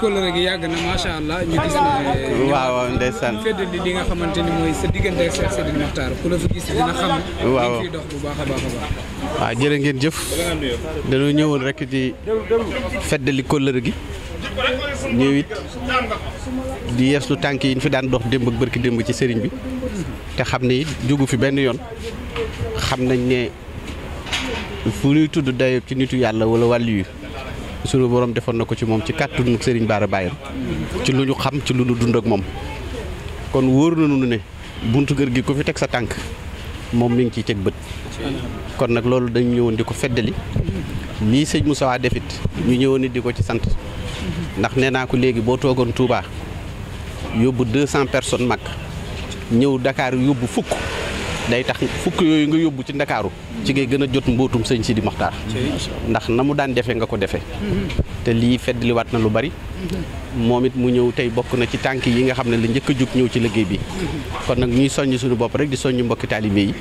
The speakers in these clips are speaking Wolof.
kóllëre gi yàgg na macha allah ñu gis ne waaw waaw ndeysaan feddali li nga xamante ni mooy sa diggante ak Cheikh Sidi Mokhtar ku la fi gis dina xam waaw fi dox bu baax a baax waaw jërë ngeen jëf dañoo ñëwoon rek di feddali kóllëre gi ñëw di yeeslu tànk yi ñu fi daan dox démb ak bërki démb ci sëriñ bi te xam ne it jógu fi benn yoon xam ne fu ñuy tudd dayoo ci nitu yàlla wala wàllu suñu borom defoon na ko ci moom ci kàttanu Serigne Bara Baye ci lu ñu xam ci lu ñu dund ak moom kon wóor nañu ne buntu kër gi ko fi teg sa tànk moom mi ngi ciy teg bët. kon nag loolu dañu ñëwoon di ko feddali nii sëñ Moussa defit ñu ñëwoon di ko ci sant ndax nee naa ko léegi boo toogoon Touba yóbbu 200 personnes mag ñëw Dakar yóbbu fukk. day tax fukk yooyu nga yóbbu ci ndakaaru ci ngay gën a jot mbootum sëñ si di Maxtaar ndax na mu daan defee nga ko defee te lii feddliwaat na lu bari moom it mu ñëw tey bokk na ci tànk yi nga xam ne la njëkk a jóg ñëw ci liggéey bi kon nag ñuy soññ suñu bopp rek di soññ mbokki taalibe yi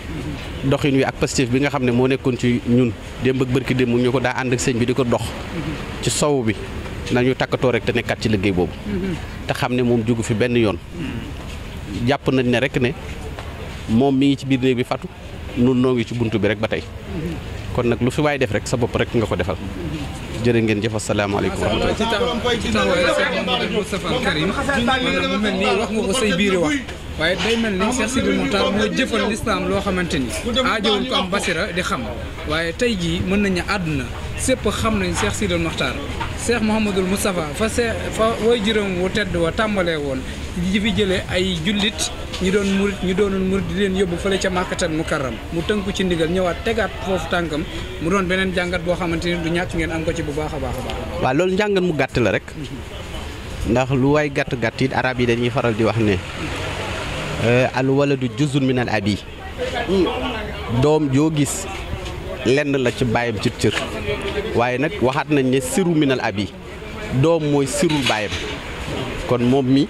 doxin wi ak pastif bi nga xam ne moo nekkoon ci ñun démb ak bërki démb ñu ko daa ànd ak sëñ bi di ko dox ci sow bi nañu takkatoo rek te nekkat ci liggéey boobu te xam ne moom jógu fi benn yoon jàpp nañ ne rek ne moom mi ngi ci biir néeg bi fattu nun noo ci bunt bi rek ba tey kon nag lu fi waay def rek sa bopp rek nga ko defal jërë ngeen jëf asalaamaaleykum wa rahmatulah. ci mel nii wax nga ko biir biiri wax waaye day mel ni Cheikh Sidi Moukhtar moo jëfal lislaam loo xamante ni aajowul ko am basira di xam waaye tey jii mën nañu àdduna sépp xam nañ Cheikh Sidi Moukhtar Cheikh Mouhamadou Moustapha fa se fa way juróom wu tedd wa tàmbalee woon di fi jëlee ay jullit. ñi doon murit ñi doonoon di leen yóbbu fële ca màkkatal mu karram mu tënku ci ndigal ñëwaat tegaat foofu tànkam mu doon beneen jàngat boo xamante ni du ñàkk ngeen am ko ci bu baax a baax a baax. waaw loolu njàngat mu gàtt la rek ndax lu waay gàtt gàtt yi arab yi dañuy faral di wax ne euh, al waladu juzun min al abi doom joo gis lenn la ci baayam ci cër waaye nag waxaat nañ ne siru minal abi doom mooy sirul baayam kon moom mi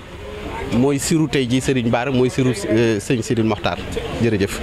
mooy siru tey jii Serigne Bara mooy siru euh, sëñ Sidi Mokhtar jërëjëf.